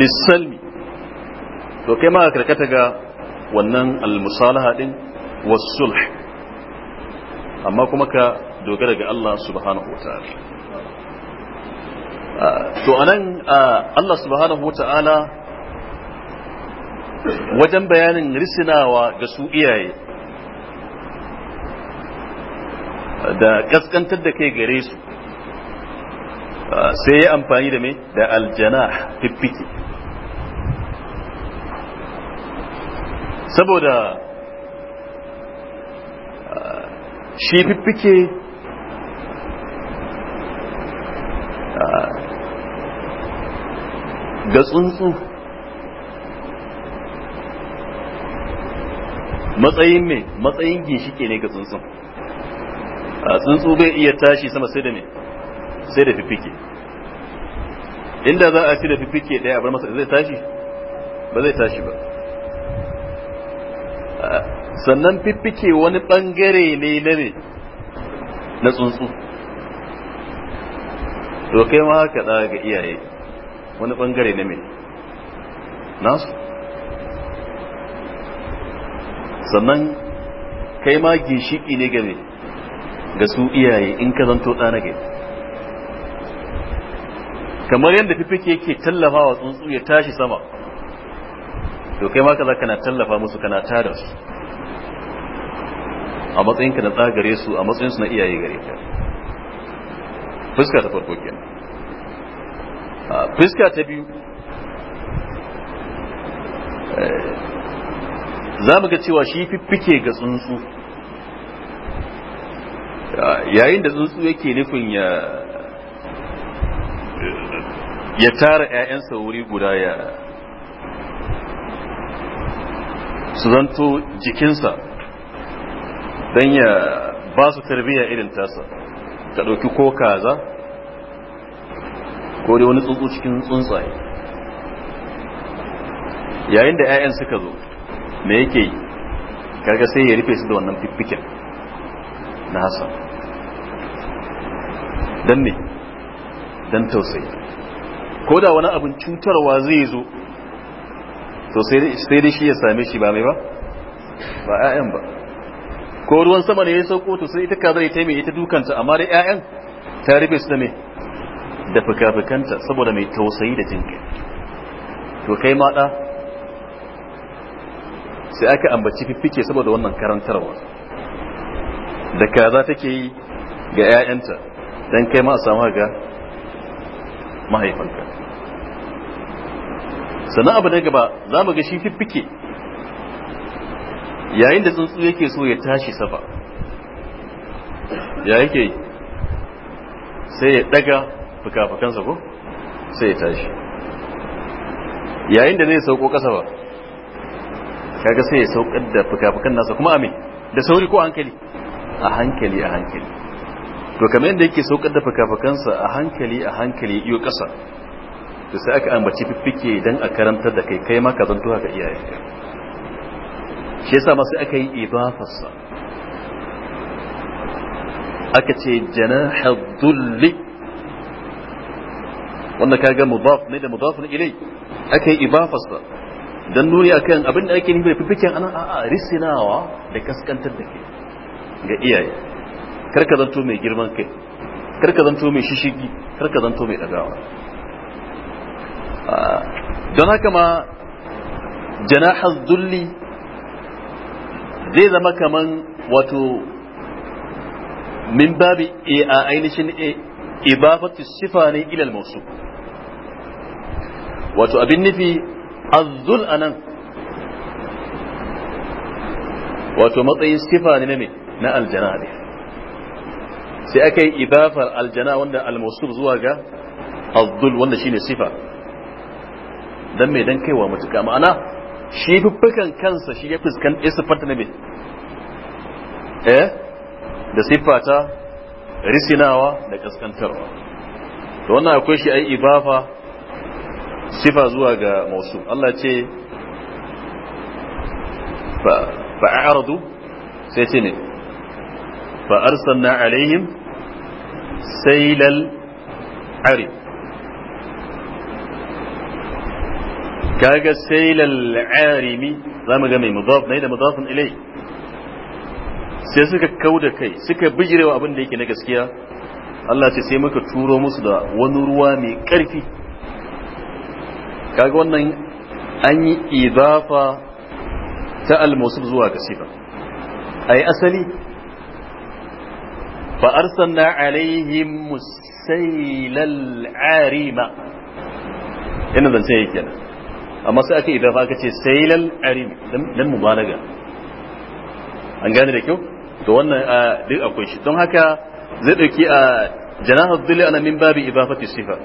lissalmi to kai ma karkata ga wannan al almusalaha din wasulh amma kuma ka dogara ga Allah subhanahu wataala to anan Allah subhanahu wataala wajen bayanin risinawa ga su iyaye da kaskantar da kai gare su sai ya amfani da mai da aljana fiffike saboda shi fiffike ga tsuntsu matsayin mai matsayin ginshike ne ga tsuntsun tsuntsu bai iya tashi sama sai da ne sai da fifike inda za a ci da fifike ɗaya a bar masa zai tashi ba zai tashi ba sannan fifike wani ɓangare ne na ne na tsuntsu to kai ma haka ɗa ga iyaye wani ɓangare na me nasu sannan kai ma gishiki ne game ga su iyaye in ka zanto ɗa na kamar yadda fifike yake tallafa wa tsuntsu ya tashi sama to kai ma kaza kana tallafa musu kana tada su a matsayinka na tsagare su a matsayin su na iyaye gare ka fuska ta farko kenan fuska ta biyu eh, za mu ga cewa shi fifike ga tsuntsu yayin da tsuntsu yake nufin ya ya tara 'ya'yansa wuri guda ya su zanto jikinsa don ya ba su tarbiyya irin tasa ka ɗauki ko kaza ko dai wani tsuntsu cikin tsuntsaye yayin da 'ya'yan suka zo me yake yi kaga sai ya rufe su da wannan fiffikin na hasan dan ne dan tausayi ko da wani abin cutarwa zai zo to sai dai shi ya same shi ba mai ba ba 'ya'yan ba ko ruwan sama ne ya sauko to sai ita kazar zai mai ita dukanta amma da 'ya'yan ta rufe su da mai da fuka-fukanta saboda mai tausayi da jinkai to kai maɗa sai aka ambaci fiffike saboda wannan karantarwa da kaza take yi ga 'ya'yanta dan kai ma a samu ga mahaifanka sannan abu na gaba za mu ga shi fiffike yayin da tsuntsu yake so ya tashi safa ya yake sai ya daga fuka-fukansa ko sai ya tashi yayin da zai sauko kasa ba kaga sai ya saukar da fuka-fukan nasa kuma ame da sauri ko hankali a hankali a hankali to kamar yadda yake saukar da fakafakansa a hankali a hankali iyo ƙasa to sai aka ambaci fiffike don a karantar da kai kai ma ka zanto haka iyayenka shi yasa masu aka yi ibafarsa aka ce janaha dhulli wanda ga mudaf ne da mudafun ilai aka yi ibafarsa dan nuni akan abin da ake nufi fiffiken ana a'a risinawa da kaskantar da ke ga iyaye karka zanto mai girman kai karka zanto mai shishigi karka zanto mai dagawa ah, don haka ma janahar zulli zai zama kaman wato min babi a ainihin ibafatu sifa ne ilal masu wato abin nufi azzul a nan wato matsayin sifa ne na aljana ne sai aka yi idafar aljana wanda almasul zuwa ga azdul wanda shine sifa dan mai dan kaiwa matuka ma'ana shi fuffukan kansa shi ya fuskan ya siffanta na eh da siffata risinawa da kaskantarwa to wannan akwai shi ai ibafa sifa zuwa ga mausu Allah ce fa fa'aradu sai ce ne fa arsalna alaihim sailal arif kaga sailal arimi za mu ga mai mudaf da sai suka kauda kai suka bijirewa abin da yake na gaskiya Allah ce sai muka turo musu da wani ruwa mai ƙarfi kaga wannan an yi idafa ta almusuf zuwa ga sifa ai asali فأرسلنا عليهم السيل العارمة إنه ذن سيكنا أما سأتي إذا فاكت السيل العارم لن مبالغة an gane da kyau to wannan a duk shi don haka zai dauki a janahar dole ana min babi ibafati sifa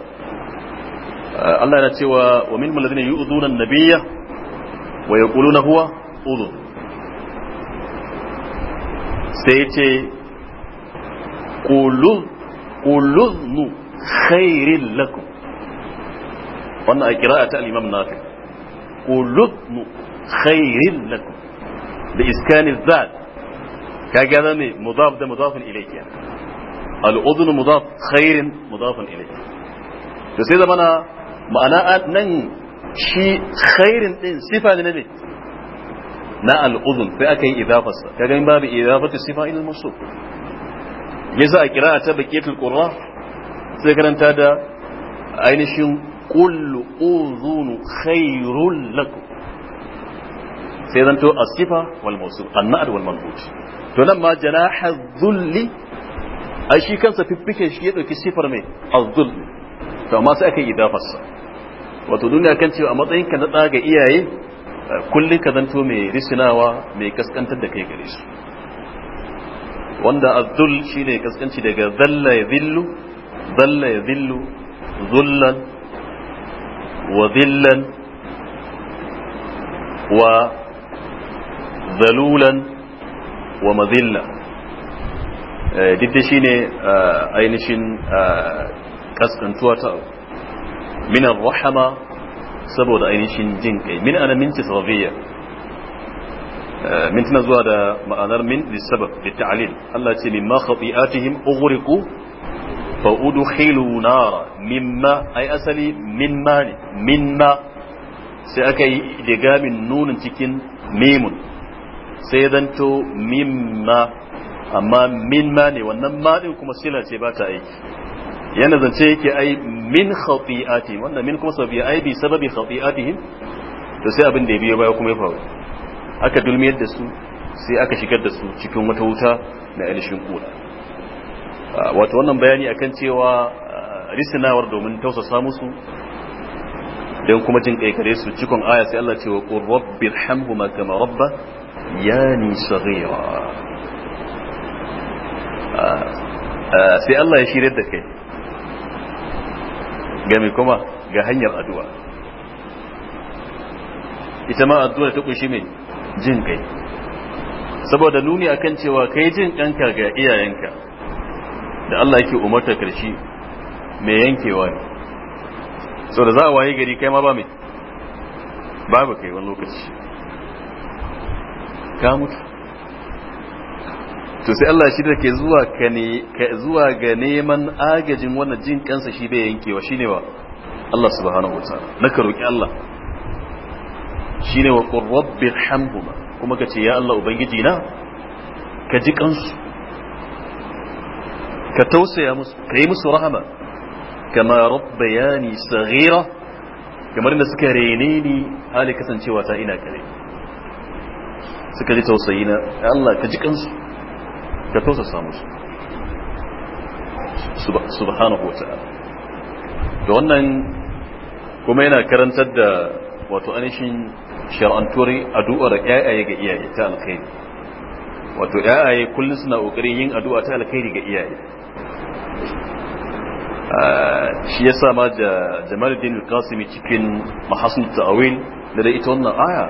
Allah yana cewa wa min maladina yu'dhuna na nabiyya wa yaquluna huwa sai ce qulu nu khairin lakum wannan a kira'a ta al-imam nafi qulu nu khairin lakum da iskani zat ka ga zame mudaf da mudafin ilayki al-udhun mudaf khairin mudafin ilayki to sai zamana ma'ana nan shi khairin din sifa ne ne na al-udhun sai aka yi idafarsa kaga in babu idafatu sifa ila al-mawsuf yasa a kira ta bakiyatul qurra sai karanta da ainihin qul uzunu khairul lakum sai zanto asifa wal mawsul annad wal manqut to nan ma janaha dhulli ai shi kansa fiffike shi ya dauki sifar mai azdul to amma sai aka yi idafarsa wato duniya kan cewa a matsayin ka na daga iyaye kullun ka zanto mai risinawa mai kaskantar da kai gare su wanda azdul shine kaskanci daga zalla ya zillu zalla ya zillu zullan wa zillan wa zalulan wa mazilla eh, duk da shine eh, ainihin eh, kaskantuwa ta minan rahama saboda ainihin jin kai min ana minci sababiyya min zuwa da ma'anar min lissabab da ta'alil Allah ce mimma khati'atihim ughriqu fa udkhilu nara mimma ay asali mimma ne mimma sai aka yi digamin nunin cikin mimun sai zanto mimma amma mimma ne wannan ma din kuma sila ce ba ta aiki yana zance yake ai min khati'ati wannan min kuma ai bi sababi khati'atihim to sai abin da ya biyo baya kuma ya faru aka dulmiyar da su sai aka shigar da su cikin wata wuta na ilishin kura wato wannan bayani akan cewa risinawar domin tausasa musu don kuma jin kaikare su cikon aya sai Allah ce ƙun qur hamhu hamhuma kama rabba nisa saghira sai Allah ya shirya da kai game kuma ga hanyar addu'a ita ma addu'a ta ƙunshi mai jin kai saboda nuni akan cewa kai jin kanka ga iyayenka da Allah yake umarta karshe mai yankewa ne so da za a waye gari kai ma ba mai babu kai wani lokaci ka mutu to sai Allah shi da ke zuwa ka ne ka zuwa ga neman agajin wannan jin kansa shi bai yankewa shine wa Allah subhanahu na ka roki Allah Shi ne wa qur rabbir hamhuma kuma ce ya Allah ubangiji na ka ji kansu ka tausaya musu ka yi musu rahama kama rabbayani saghira kamar da suka rene ni hali kasancewa ta ina kare suka ji tausayi na ya Allah ka ji kansu ka tausasa musu subhanahu wa ta'ala da wannan kuma yana karantar da wato anishin shar'antuwar addu'ar yayaye ga iyaye ta alkhairi wato yayaye kullum suna kokarin yin addu'a ta alkhairi ga iyaye ah, shi yasa ma Jamaluddin al-Qasimi cikin mahasin ta'awil da da ita wannan aya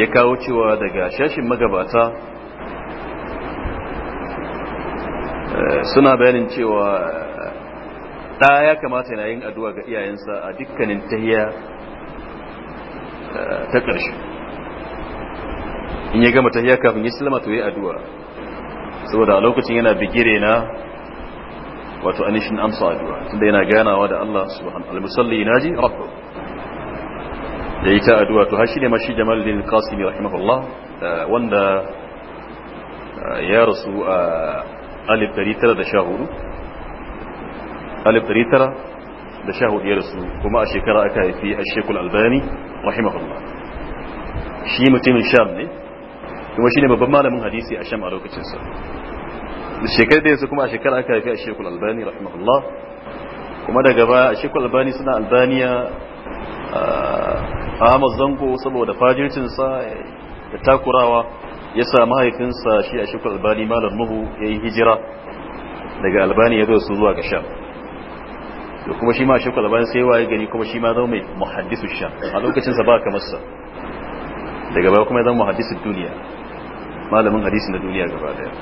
ya kawo cewa daga shashin magabata eh, suna bayanin cewa ɗaya ya kamata yana yin addu'a ga iyayensa a dukkanin tahiya ta ƙarshe in ya gama tahiya kafin ya sallama to yi addu'a saboda a lokacin yana bigire na wato anishin amsa addu'a tunda yana ganawa da Allah subhanahu al-musalli naji rabbu ya yi ta addu'a to har shi ne mashi jamaluddin qasimi rahimahullah wanda ya rasu a 1914 da sha hudu kuma a shekara aka haifi a shekul albani rahimahullah shi mutumin sham ne kuma shi ne babban malamin hadisi a sham a lokacinsa da shekar da yasu kuma a shekara aka haifi a shekul albani rahimahullah kuma daga baya a shekul albani suna albaniya a zango saboda fajircinsa da takurawa ya sa mahaifinsa shi a shekul albani malam nuhu ya yi hijira daga albani ya zo su zuwa ga sham da kuma shi ma shekul albani sai waye gani kuma shi ma zama mai muhaddisu sha a lokacin sa ba kamar sa daga baya kuma ya zama muhaddisu duniya malamin hadisi na duniya gaba daya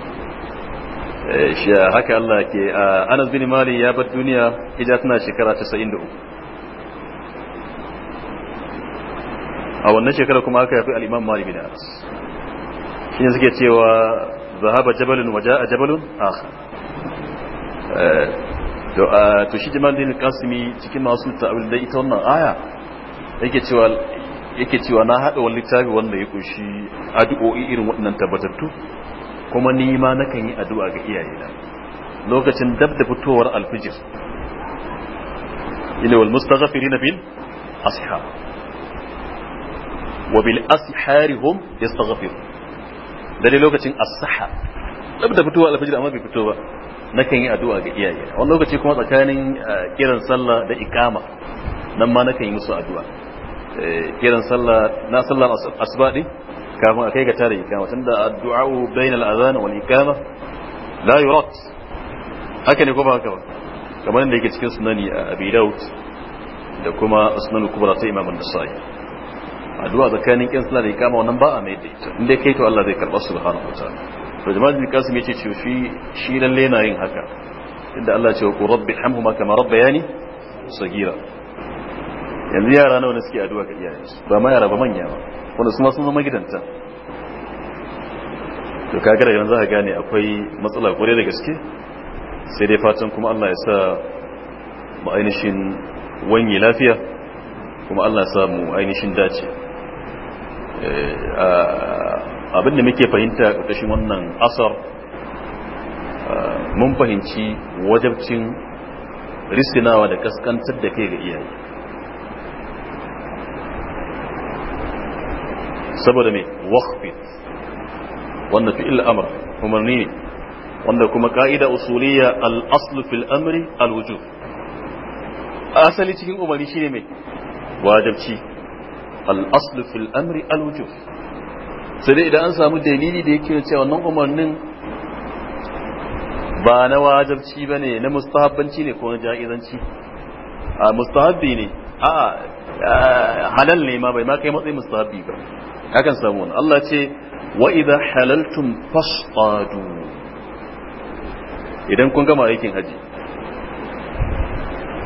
eh, shi ah, haka Allah ke ah, Anas bin Malik ya bar duniya hijira tana shekara 93 a wannan shekara kuma aka yafi al'imam mali bin anas shi ne suke cewa zahaba jabalin waje a jabalin aha eh, to shi jamaluddin kasumi cikin masu ta'awil da ita wannan aya yake cewa na hada wani littafi wanda ya kunshi addu'o'i irin waɗannan tabbatattu kuma ni ma nakan yi addu'a ga iyaye lokacin dab da fitowar alfijir wal mustaghfirin bil ashab wa bil yastaghfir dare lokacin as dab da fitowar alfijir amma bai fito ba Na kan yi addu'a ga iyaye wani lokaci kuma tsakanin eh, kiran sallah da ikama nan ma na kan yi musu addu'a eh, kiran sallah na sallah asuba kafin a kai ga tare ikama tunda addu'au bainal azan wal ikama la yurat haka ne kuma ba haka ba kamar yadda yake cikin sunani a abi da kuma sunanu kubra ta imam an-nasai addu'a tsakanin kiran sallah da ikama wannan ba a mai da ita inda kai to Allah zai karba subhanahu wa ta'ala to jama'a da kasu ya ce ce shi lalle na yin haka inda Allah ce wa ku rabbi hamhuma kama rabba yani sagira yanzu yara nawa ne suke addu'a ga iyayensu ba ma yara ba manya ba wanda su ma sun zama gidanta to kaga da yanzu za ka gane akwai matsala kwarai da gaske sai dai fatan kuma Allah ya sa mu ainihin wanyi lafiya kuma Allah ya sa mu ainihin dace eh, abinda muke fahimta ƙarƙashin wannan asar mun fahimci wajabcin risinawa da kaskantar da kai ga iyaye saboda mai wakfit wanda fi'il amr umarni ne wanda kuma ka'ida usuliya al-aslu fil amri al-wujub asali cikin umarni shine mai wajabci al-aslu fil amri al-wujub sai dai idan an samu dalili da yake cewa wannan umarnin ba na wajabci ba ne na mustahabbanci ne ko na ja'izanci a mustahabbi ne a halal ne ma bai ma kai matsayin mustahabbi ba Hakan samu wani Allah ce wa idha halaltum fasadu idan kun gama aikin haji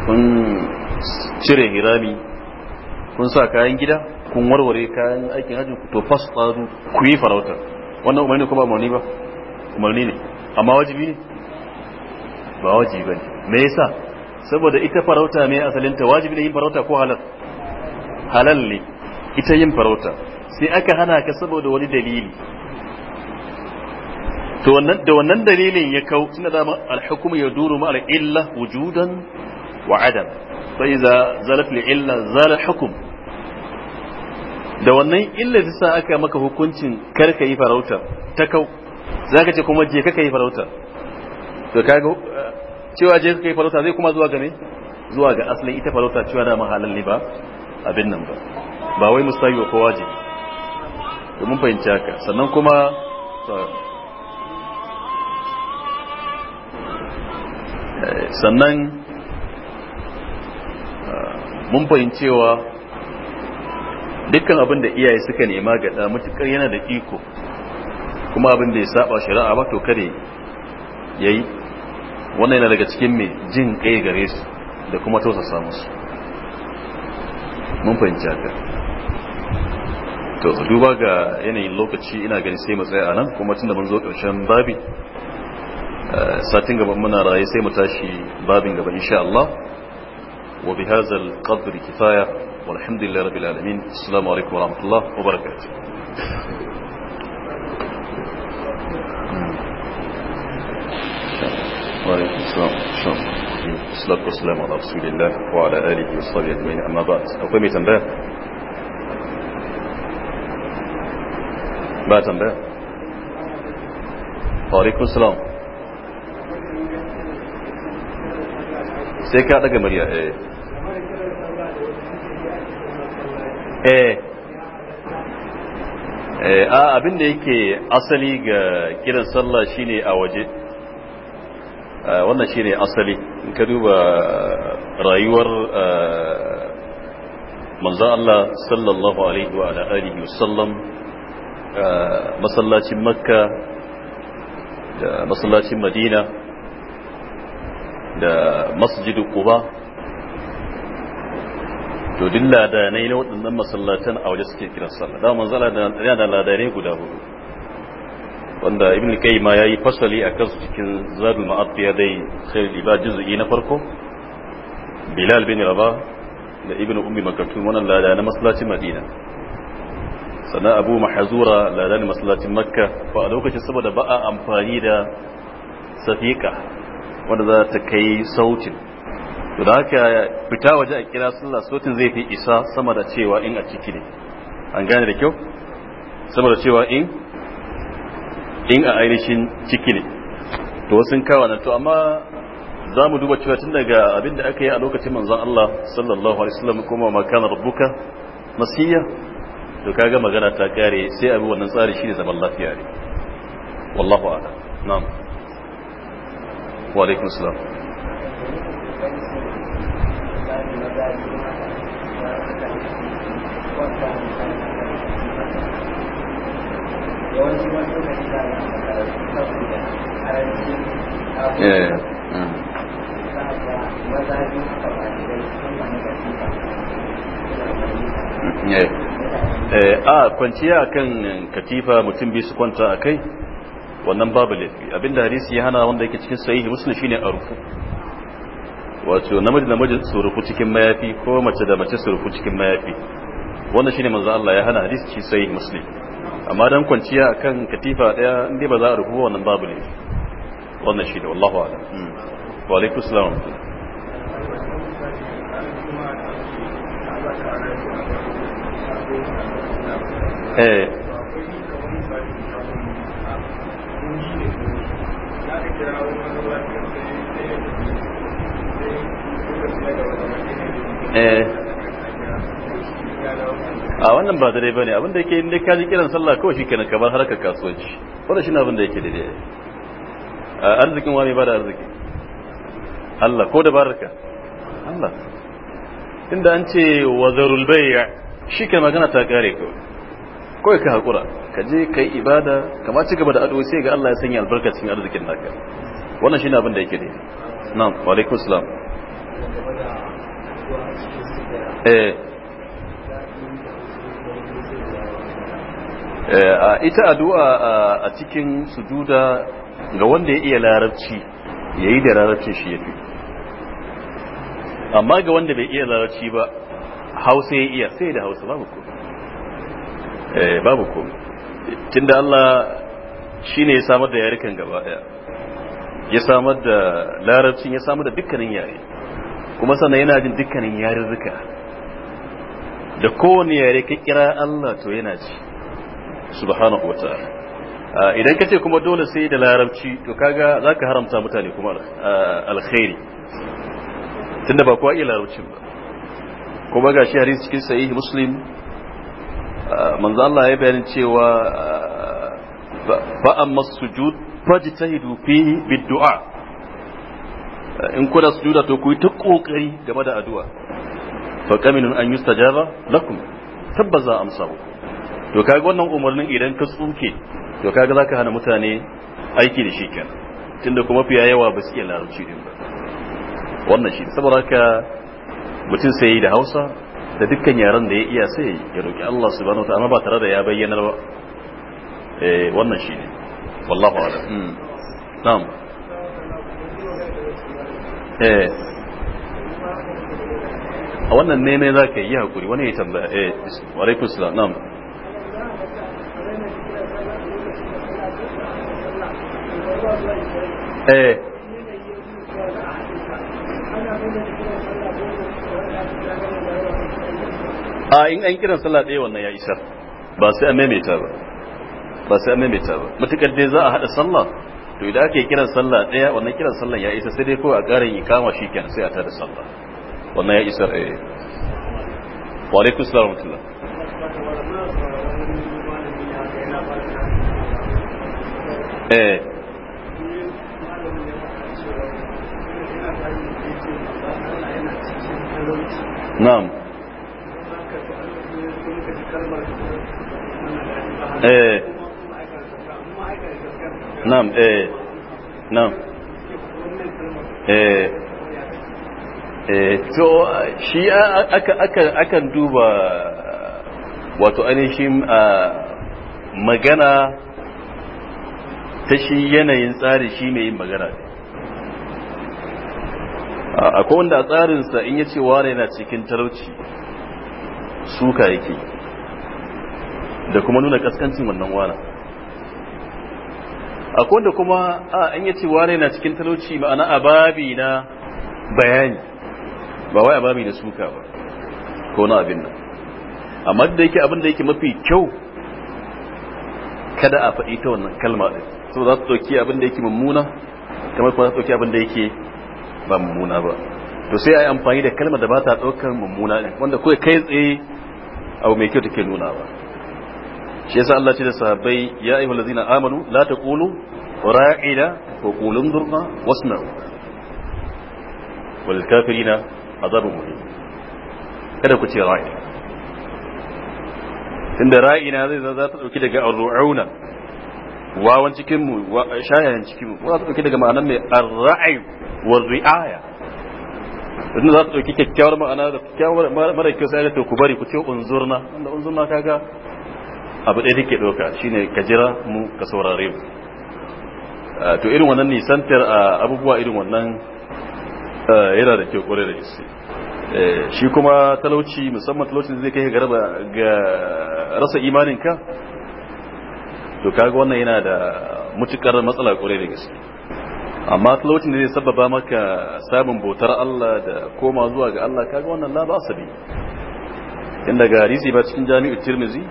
kun cire hirami kun sa kayan gida kun warware kayan aikin hajji ku to fasfaru ku yi farauta wannan umarni ko ba umarni ba umarni ne amma wajibi ne ba wajibi ba ne me yasa saboda ita farauta mai asalinta wajibi ne yin farauta ko halal halal ne ita yin farauta sai aka hana ka saboda wani dalili to wannan da wannan dalilin ya kau suna dama al-hukmu yaduru ma al-illa wujudan wa adam fa iza zalat li illa zala al-hukm da wannan illar ta sa aka maka hukuncin kar ka yi farauta ta kau za ka ce kuma je ka yi farauta to ka ga cewa je ka yi farauta zai kuma zuwa ga ne zuwa ga asalin ita farauta cewa da mahalan ne ba abin nan ba ba wai musayi wa kowa je mun fahimci haka sannan kuma eh, sannan ah, mun cewa dukkan abin da iyaye suka nema ga da mutukar yana da iko kuma abin da ya saba shari'a ba to kare yayi wannan yana daga cikin mai jin kai gare su da kuma tausasa musu mun fahimci haka to duba ga yanayin lokaci ina gani sai mu tsaya anan kuma tunda mun zo karshen babi eh, satin gaban muna raye sai mu tashi babin gaba insha Allah wa bihazal qadri kifaya والحمد لله رب العالمين السلام عليكم ورحمة الله وبركاته وعليكم السلام الصلاة والسلام على رسول الله وعلى آله وصحبه أجمعين أما بعد أقومي تنبيه ما تنبيه وعليكم السلام سيكا لك مريا إيه Eh. eh a abin da yake asali ga kiran sallah shine a waje eh, wannan shine asali in ka duba eh, rayuwar manzo Allah sallallahu alaihi wa alihi wasallam masallacin makka da masallacin madina da masjidul quba to duk ladanai na waɗannan masallatan a waje suke kiran sallah da manzo yana da ladanai guda hudu wanda ibn qayyim ya yi fasali akan su cikin zadul ma'ad ya dai khairul ibad juz'i na farko bilal bin rabah da ibn ummi maktum wannan na masallacin madina sannan abu mahazura lada masallacin makka ba a lokacin saboda ba a amfani da Safika wanda za ta kai sautin to da haka fita waje a kira sallah sautin zai fi isa sama da cewa in a ciki ne an gane da kyau sama da cewa in in a ainihin ciki ne to sun kawo na to amma za mu duba cewa tun daga abin da aka yi a lokacin manzon Allah sallallahu alaihi wasallam kuma makana rabbuka masiya to kaga magana ta kare sai abu wannan tsari shine zaman lafiya ne wallahu a'lam na'am wa alaikum salam Mm. Eh, a kwanciya kan katifa mutum biyu su kwanta a kai wannan babu laifi abinda hadisi ya hana wanda yake cikin sahihi shi shine a rufu wato namiji da namiji surufu cikin mayafi ko mace da mace surufu cikin mayafi wannan shine manzo Allah ya hana hadisi shi sai muslim amma dan kwanciya akan katifa daya inda ba za a rufu wannan babu ne wannan shine wallahu a'lam wa alaikum assalam eh Eh. a wannan ba daidai bane abin da yake inda ka ji kiran sallah kawai shi kenan kamar harkar kasuwanci wannan shi ne abin da dai arzikin wani ba da arziki Allah ko da baraka Allah inda an ce wa zarul shi kenan magana ta kare ko kawai ka hakura ka je kai ibada kamar ci gaba da addu'o'i sai ga Allah ya sanya albarka cikin arzikin naka wannan shi abin da yake daidai na'am wa alaikum salam Eh. Eh, ita addu'a a cikin sujuda ga wanda ya iya larabci ya yi da larabcin shi ya fi amma ga wanda bai iya larabci ba hausa ya iya sai da hausa babu ko eh, babu ko tunda Allah shi ne ya samar da yarikan gaba daya ya samar da larabcin ya samar da dukkanin yare kuma sannan yana jin dukkanin zuka da kowane yare ka kira Allah to yana ci. subhanahu wa ta'ala idan ka kuma dole sai da larabci to kaga za haramta mutane kuma alkhairi tunda ba kowa iya larabcin ba kuma ga shi hadisi cikin sahihi muslim manzo Allah ya bayanin cewa fa amma sujud fajtahidu fihi bid du'a in kuna sujuda to ku yi ta kokari game da addu'a fa kaminun an yustajaba lakum tabbas za amsa muku to kaga wannan umarnin idan ka tsuke to kaga zaka hana mutane aiki da shi kenan tunda kuma fiya yawa ba su iya larabci din ba wannan shi saboda ka mutum sai yi da Hausa da dukkan yaran da ya iya sai ya roki Allah subhanahu wataala ba tare da ya bayyana ba eh wannan shi ne wallahu a'lam hmm. na'am eh a wannan ne za ka yi hakuri wani ya tambaya eh, a alaikum salam na'am eh. a in an kiran sallah ɗaya wannan ya isa ba sai a maimaita ba ba sai a maimaita ba matukar dai za a haɗa sallah to idan ake kiran sallah ɗaya wannan kiran sallah ya isa sai dai kawai a ƙarin ikama shi kyan sai a tada sallah wannan ya isar eh wa alaikum assalam eh. na'am eh na'am eh na'am eh Eh, to shi akan duba wato ainihin magana ta shi yanayin tsari shi mai yin magana akwai wanda a tsarinsa in ya ce wane yana cikin talauci suka yake da kuma nuna kaskancin wannan wana akwai wanda kuma a in ya ce wane yana cikin talauci ma'ana ababi na bayani ba waya babi da suka ba ko na abin nan amma da yake abin da yake mafi kyau kada a faɗi ta wannan kalma ɗin so za su ɗauki abin da yake mummuna kamar kuma za su ɗauki abin da yake ba mummuna ba to sai a yi amfani da kalmar da ba ta ɗaukar mummuna ɗin wanda kawai kai tsaye abu mai kyau take nuna ba shi yasa Allah ce da sahabbai ya ayyuhal ladzina amanu la taqulu ra'ina wa qulu durna wasma'u wal kafirina azabun mu kada ku ce ra'i tunda na zai za ta dauki daga ar-ru'una wawan cikin mu shayayen cikin mu za ta dauki daga ma'anar mai ar-ra'i wa ri'aya tunda za ta dauki kyakkyawar ma'ana da kyakkyawar mara kyau sai ta ku bari ku ce unzurna wanda unzurna kaga abu ɗaya take doka shine ka jira mu ka saurare mu to irin wannan nisantar abubuwa irin wannan Eh, yana da kyau kwarai da gaske eh, shi kuma talauci musamman talaucin zai kai ga rasa imaninka to kaga wannan yana da mutukar matsala kwarai da gaske amma talaucin da zai sababa maka samun bautar Allah da koma zuwa ga Allah kaga wannan la ba sabi inda ga hadisi ba cikin jami'u tirmizi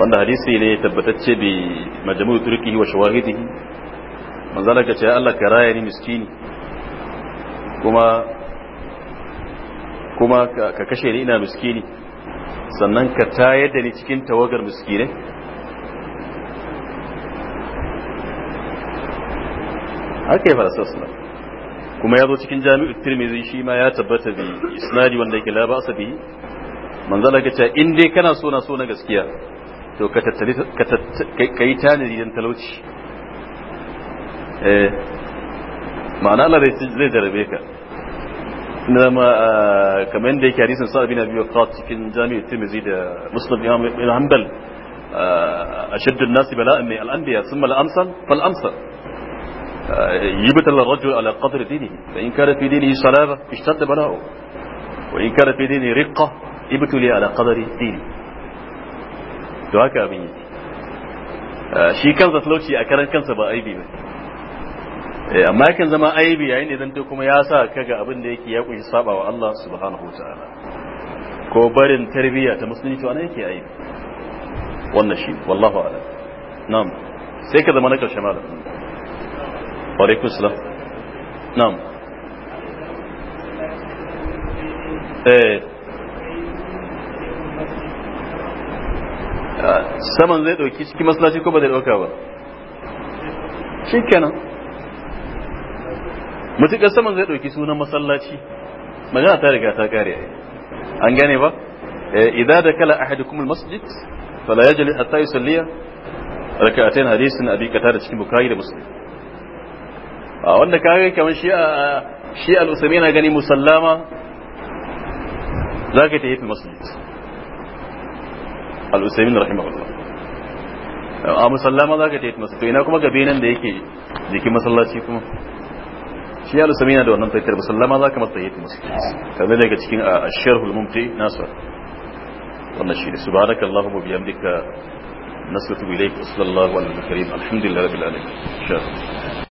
wanda hadisi ne tabbatacce bi majamu turki wa shawahidihi manzalaka ce Allah ka raya ni miskini kuma kuma ka kashe ni ina miskini sannan ka tayar da ni cikin tawagar miskinai ake ya fara sassana kuma ya zo cikin jami'ar tirmizi shi ma ya tabbata bi isnadi wanda yake la ba'sa bi manzala ka ta in dai kana so na so na gaskiya to ka tattali ka yi tanadi dan talauci eh ma'ana Allah zai jarabe ka zama kamar da yake hadisin sa'abi na biyu kawo cikin jami'ar timizi da muslim imam ibn hanbal a shaddun nasi bala'in mai al'ambiya sun mala amsal fal amsal yibitar rajul ala qadri dinihi fa in kana fi dinihi salaba ishtadda bala'u wa in kana fi dinihi riqqa ibtuli ala qadri dini to haka abin yi shi kansa talauci a karan kansa ba aibi ba Eh, amma yakan zama aibi yayin idan to kuma ya sa ka ga abin da yake ya kunshi saba wa Allah subhanahu wataala ko barin tarbiyya ta to ana yake aibi wannan shi wallahu a'lam na'am sai ka zama na karshe malam wa alaikum salam na'am eh ah, saman zai dauki cikin masallaci ko ba zai dauka ba shikenan mutukar saman zai ɗauki sunan masallaci magana ta riga ta kare an gane ba eh, idan da kala kuma masjid. fala yajlis hatta yusalliya rak'atayn hadisin abi qatada cikin bukhari da muslim a wanda kage kamar shi shi al-usaymi na gani musallama zaka ta yi masjid al-usaymi rahimahullah a musallama zaka ta yi masjid to ina kuma gabe nan da yake jikin masallaci kuma shi ya lusami yana da wannan fahimtar ba sallama za ka masa fahimtar musu kamar daga cikin a sharhul mumti nasu wannan shi ne subhanaka allahumma bihamdika nasratu ilayka sallallahu alaihi wa
sallam alhamdulillahi rabbil alamin